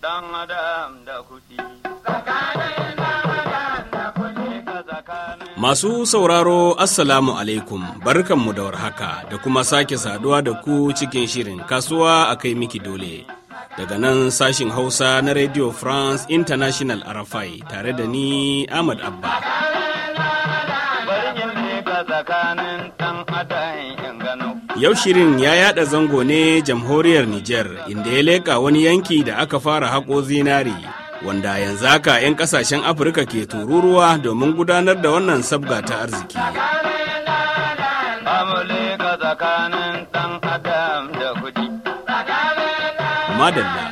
Dan Masu sauraro Assalamu alaikum barkan mu da warhaka da kuma sake saduwa da ku cikin shirin kasuwa a kai miki dole. Daga nan sashin Hausa na Radio France International Arafai tare da ni Ahmad Abba. Yau shirin ya yada zango ne jamhuriyar Nijar inda ya leka wani yanki da aka fara haƙo zinari wanda yanzu haka 'yan kasashen Afirka ke tururuwa domin gudanar da wannan sabga ta arziki. Madalla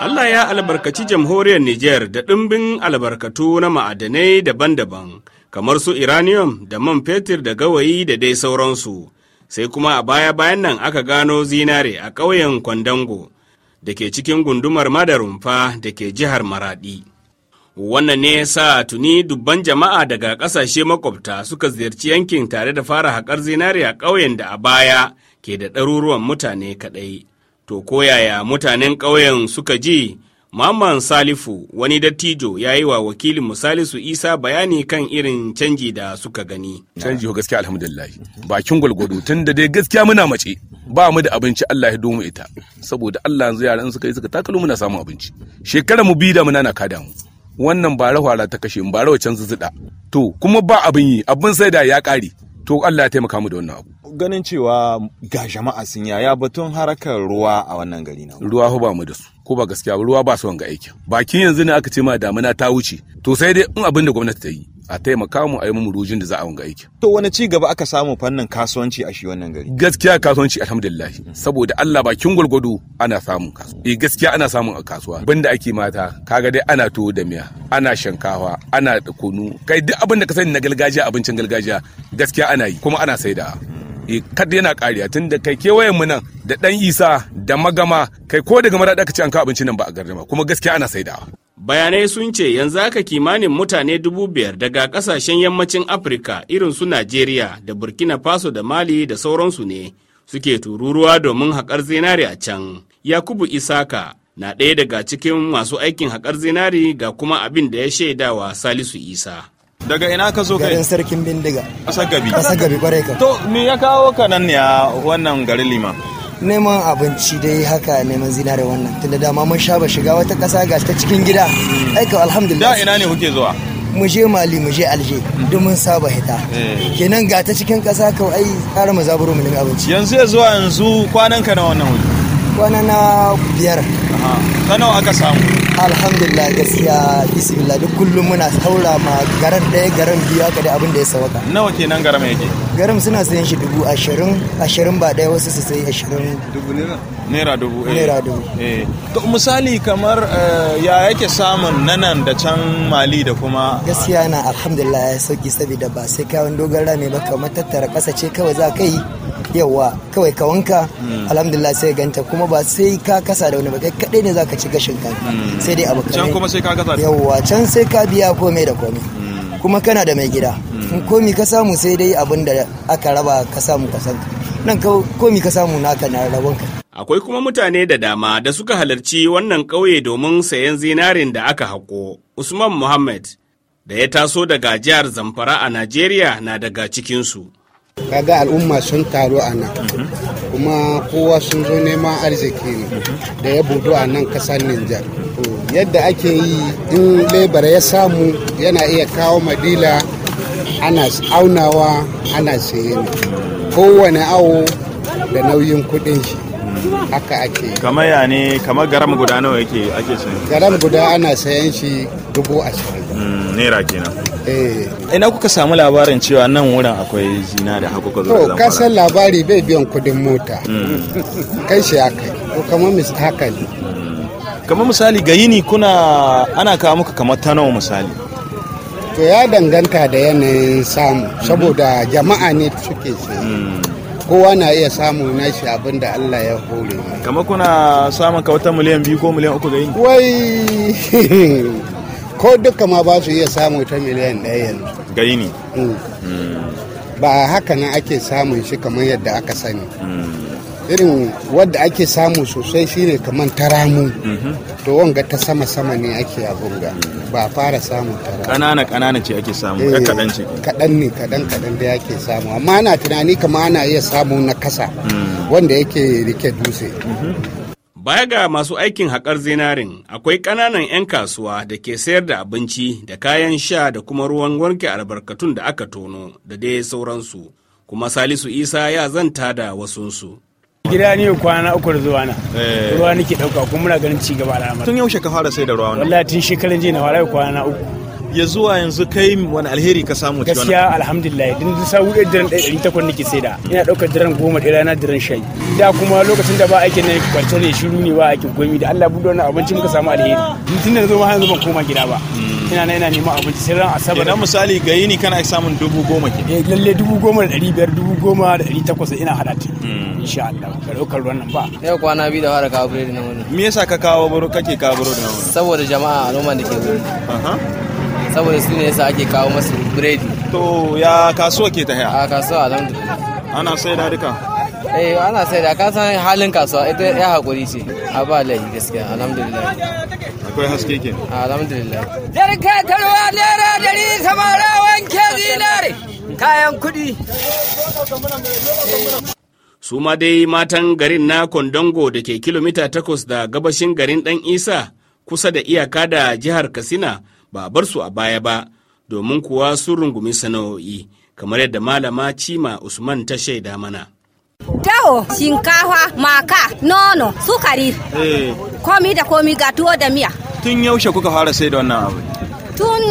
Allah ya albarkaci jamhuriyar Nijar da ɗimbin albarkatu na ma'adanai daban-daban kamar su iranium da man fetur da gawayi da dai sauransu. sai kuma a baya-bayan nan aka gano zinare a ƙauyen kwandango da ke cikin gundumar madarumfa da ke jihar maradi wannan ne ya sa tuni dubban jama'a daga ƙasashe makwabta suka ziyarci yankin tare da fara haƙar zinare a ƙauyen da a baya ke da ɗaruruwan mutane kaɗai to koyaya mutanen ƙauyen suka ji maman Salifu wani dattijo ya yi wa wakilin Salisu Isa bayani kan irin canji da suka gani. Canji gaskiya alhamdulillah bakin gwalgwado tun da dai gaskiya muna mace ba mu da abinci Allah ya domu ita saboda Allah yanzu yaran suka yi suka takalo muna samun abinci. Shekara mu bida da muna na kada mu. Wannan bara hwara ta kashe bara wacan zuzuɗa. To kuma ba abin yi abin sai da ya ƙare. To Allah ya taimaka mu da wannan abu. Ganin cewa ga jama'a sun yaya batun harakar ruwa a wannan gari na. Ruwa ba mu da su. ko ba gaskiya ruwa ba su ga aikin bakin yanzu ne aka ce ma damina ta wuce to sai dai in abin da gwamnati ta yi a taimaka mu a yi mu rujin da za a wanga aiki. To wani ci gaba aka samu fannin kasuwanci a shi wannan gari? Gaskiya kasuwanci alhamdulillah saboda Allah bakin gwalgwado ana samun kasuwa. Eh gaskiya ana samun a kasuwa. Banda ake mata kaga dai ana tuwo da miya, ana shinkafa ana kunu, kai duk abin da ka sani na gargajiya abincin gargajiya gaskiya ana yi kuma ana saida. Eh, kada yana kariya tun da kai kewayen mu nan da dan isa da magama kai ko daga mara ka ci an kawo abincin nan ba a gardama kuma gaskiya ana saidawa bayanai sun ce yanzu haka kimanin mutane dubu biyar daga kasashen yammacin afirka irin su najeriya da burkina faso da mali da sauransu ne suke tururuwa domin haƙar zinari a can yakubu isaka na ɗaya daga cikin masu aikin haƙar zinari ga kuma abin da ya shaidawa salisu isa daga ina ka zo kai garin sarkin bindiga kasar gabi kasar gabi kwarai ka to me ya kawo ka nan ne a wannan garin lima neman abinci dai haka neman zinare wannan tunda dama mun sha ba shiga wata kasa ga ta cikin gida mm. aika alhamdulillah da ina ne kuke zuwa mu je mali mu je alje mm. mun saba hita eh. kenan ga ta cikin kasa kawai ai tsara mu zaburo mu abinci yanzu ya zuwa yanzu kwanan ka na wannan wuri kwana na biyar ta nawa aka samu alhamdulillah gaskiya bismillah duk kullum muna saura ma garan ɗaya garan biyu haka da abin da ya sauka nawa kenan garam yake garam suna sayan shi dubu ashirin ashirin ba ɗaya wasu su sayi ashirin dubu naira naira dubu eh naira dubu eh to misali kamar eh, ya yake samun nanan da can mali da kuma gaskiya na alhamdulillah ya sauki saboda ba sai kawon dogon rami ba kamar tattara ƙasa ce kawai za ka yi yawa kawai ka wanka hmm. alhamdulillah sai ganta kuma ba sai ka kasa da wani ba kai kadai ne zaka ci gashin ka hmm. sai dai abu can kuma sai ka kasa yawa can sai ka biya komai da komai hmm. kuma kana da mai gida in komi ka samu sai dai abin da aka raba ka samu ka san nan komi ka samu naka na rabon ka akwai kuma mutane da dama da suka halarci wannan ƙauye domin sayan zinarin da aka hako usman muhammad da ya taso daga jihar zamfara a najeriya na daga cikinsu kaga al'umma sun taru a nan kuma kowa sun zo neman arziki ne da ya budu a nan kasar Nijar. yadda ake yi in lebara ya samu yana iya kawo madila ana aunawa ana sayani, kowane awo da nauyin kudin shi haka ake yi kamar ya ne kamar garam guda nawa yake ake sayan garam guda ana sayan shi dubu ashirin hmm, naira kenan Eh. ina kuka samu labarin cewa nan wurin akwai zina da hakuka zuwa to san labari bai biyan kudin mota hmm. kai shi kai ko kamar mis haka ne hmm. kamar misali ga yini kuna ana kawo muka kamar ta nawa misali to ya danganta da yanayin samu hmm. saboda jama'a ne suke shi. kowa na iya samu na shi abin da Allah ya hore kama kuna samun kawata miliyan biyu ko miliyan uku ga yini wai ko duka ma ba su iya samu ta miliyan ɗaya yanzu Gaini. ne mm. ba haka nan ake samun shi kamar yadda aka sani mm. irin wadda ake samu sosai shine kamar taramu mm-hmm. to wanga ta sama-sama ne ake abunga mm. ba fara samun taramu kanana kanana ce ake samu ya eh, kadan ce kadan ne kadan kadan da yake samu amma ana tunani kama ana iya samu na kasa wanda yake rike dutse mm-hmm. Baya ga masu aikin haƙar zinarin, akwai ƙananan 'yan kasuwa da ke sayar da abinci da kayan sha da kuma ruwan wanke albarkatun da aka tono da dai sauransu. Kuma Salisu Isa ya zanta da wasunsu. gida ne kwana uku da zuwa na eh. ruwa nake dauka kuma muna ganin ci gaba al'amari tun yaushe ka fara sai da ruwa wallahi tun shekaran jiya na fara kwana uku ya zuwa yanzu kai wani alheri ka samu ciwon gaskiya alhamdulillah din da sa wuɗe diran 800 nake saida ina daukar diran 10 da rana diran shayi. da kuma lokacin da ba aikin nan kwance ne shiru ne ba aikin gomi da Allah buɗe wannan abinci muka samu alheri tun da zo ma yanzu ban koma gida ba hmm. ina na ina neman abinci sai ran asabar idan misali ga yini kana samun dubu goma ke eh lalle dubu goma da ɗari biyar dubu goma da ɗari takwas ina hada ta hmm. insha Allah ka ɗaukar wannan ba yau kwana biyu da fara kawo biredi na wani me yasa ka kawo baro kake kawo biredi na wannan saboda jama'a al'umma da ke wuri saboda su ne yasa ake kawo masu biredi to ya kasuwa ke ta haya a kasuwa alhamdulillah ana sai da duka eh ana sai da ka san halin kasuwa ita ya hakuri ce a ba lai gaskiya alhamdulillah akwai haske ke alhamdulillah jarka talwa naira dari samara wanke zinare kayan kudi su ma dai matan garin na kondongo da ke kilomita takwas da gabashin garin dan isa kusa da iyaka da jihar katsina ba a bar su a baya ba domin kuwa sun rungumi sana'o'i kamar yadda malama cima usman ta shaida mana Dawo, shinkafa, maka, nono, sukari, eh. komi da komi ga tuwo da miya. Tun yaushe kuka fara sai da wannan abu? Tun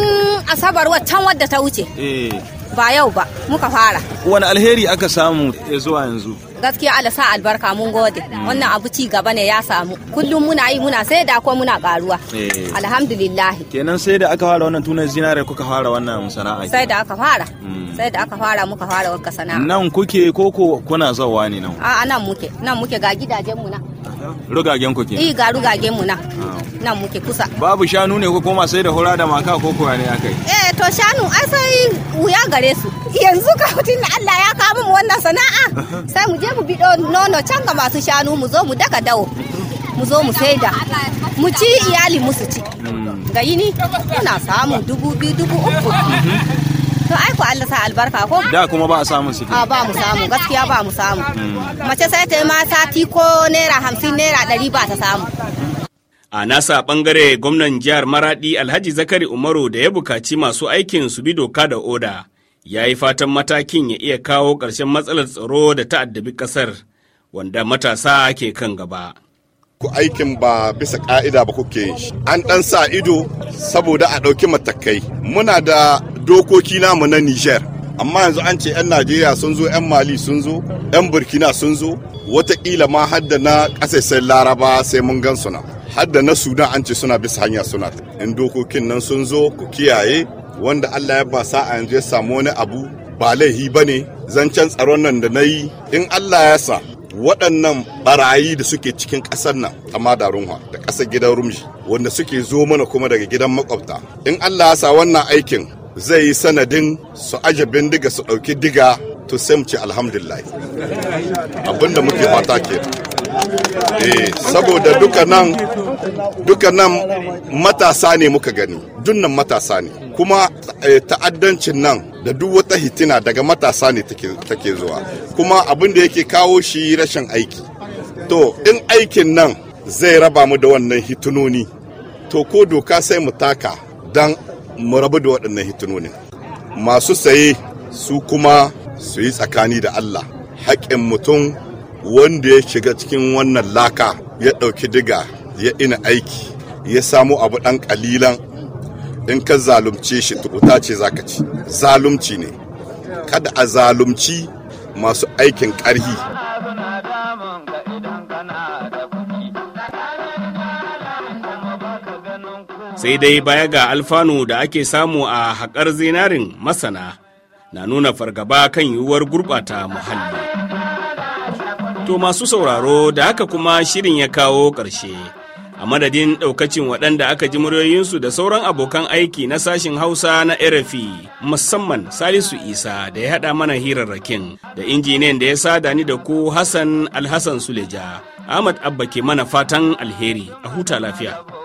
asabar can wadda ta wuce. Eh. ba yau ba muka fara wani alheri aka samu ya zuwa yanzu gaskiya ala sa albarka mun gode wannan abu ci gaba ne ya samu kullum muna yi muna sai da ko muna karuwa eh. alhamdulillah kenan sai da aka fara wannan tunan zinare kuka fara wannan sana'a sai da aka fara hmm. sai da aka fara muka fara wannan sana'a nan kuke koko kuna zawa ne nan a nan muke nan muke ga gidajen mu na rugagen ku ke eh ga rugagen mu nan nan muke kusa babu shanu ne ko koma sai da hura da maka ko kuwa ne akai eh to shanu ai sai wuya gare su yanzu ka hutun da Allah ya kawo mu wannan sana'a sai mu je mu bido nono can ga masu shanu mu zo mu daga dawo mu zo mu saida mu ci iyali mu su ci hmm. ga yini muna samu dubu biyu dubu uku mhm. to ai ku Allah sa albarka ko da kuma ba a samun su a ba mu samu gaskiya ba mu samu hmm. mace sai ta yi ma sati ko naira hamsin naira ɗari ba ta samu a nasa bangare gwamnan jihar maradi alhaji zakari umaru da ya bukaci masu aikin su bi doka da oda ya yi fatan matakin ya iya kawo ƙarshen matsalar tsaro da ta'addabi ƙasar wanda matasa ke kan gaba ku aikin ba bisa ka'ida ba kuke yi an ɗan sa ido saboda a ɗauki matakai muna da dokoki namu na Niger. Amma yanzu an ce 'yan Najeriya sun zo, 'yan Mali sun zo, 'yan Burkina sun zo, wataƙila ma da na ƙasashen Laraba sai mun gan suna. da na Sudan an ce suna bisa hanya suna. In dokokin nan sun zo ku kiyaye wanda Allah ya ba sa'a yanzu ya samu wani abu ba laihi ba ne zancen tsaron nan da na yi in Allah ya sa waɗannan barayi da suke cikin ƙasar nan ta runwa da ƙasar gidan rumji wanda suke zo mana kuma daga gidan makwabta in allah ya sa wannan aikin zai yi sanadin su aje bindiga su ɗauki diga to sai mu ce alhamdulillah abinda muke fata ke eh saboda duka nan duka nan matasa ne muka gani dunnan matasa ne kuma eh, ta'addancin nan da duk wata hitina daga matasa ne take zuwa kuma abin da yake kawo shi rashin aiki to in aikin nan zai raba mu da wannan hitunoni to ko doka sai mu taka dan. mu rabu da waɗannan hitinonin masu saye su kuma su yi tsakani da Allah haƙƙin mutum wanda ya shiga cikin wannan laka ya ɗauki diga ya ina aiki ya samu abu ɗan ƙalilan in ka zalumce shi tukuta ce za ka ci zalumci ne kada a zalumci masu aikin ƙarhi sai dai baya ga alfanu da ake samu a haƙar zinarin masana na nuna fargaba kan yiwuwar gurɓata muhalli. To masu sauraro da haka kuma shirin ya kawo ƙarshe. A madadin ɗaukacin waɗanda aka ji muryoyinsu da sauran abokan aiki na sashin Hausa na RFI musamman Salisu Isa da ya haɗa mana hirarrakin da injiniyan da ya sada ni da ku Hassan Alhassan Suleja. Ahmad Abba ke mana fatan alheri a huta lafiya.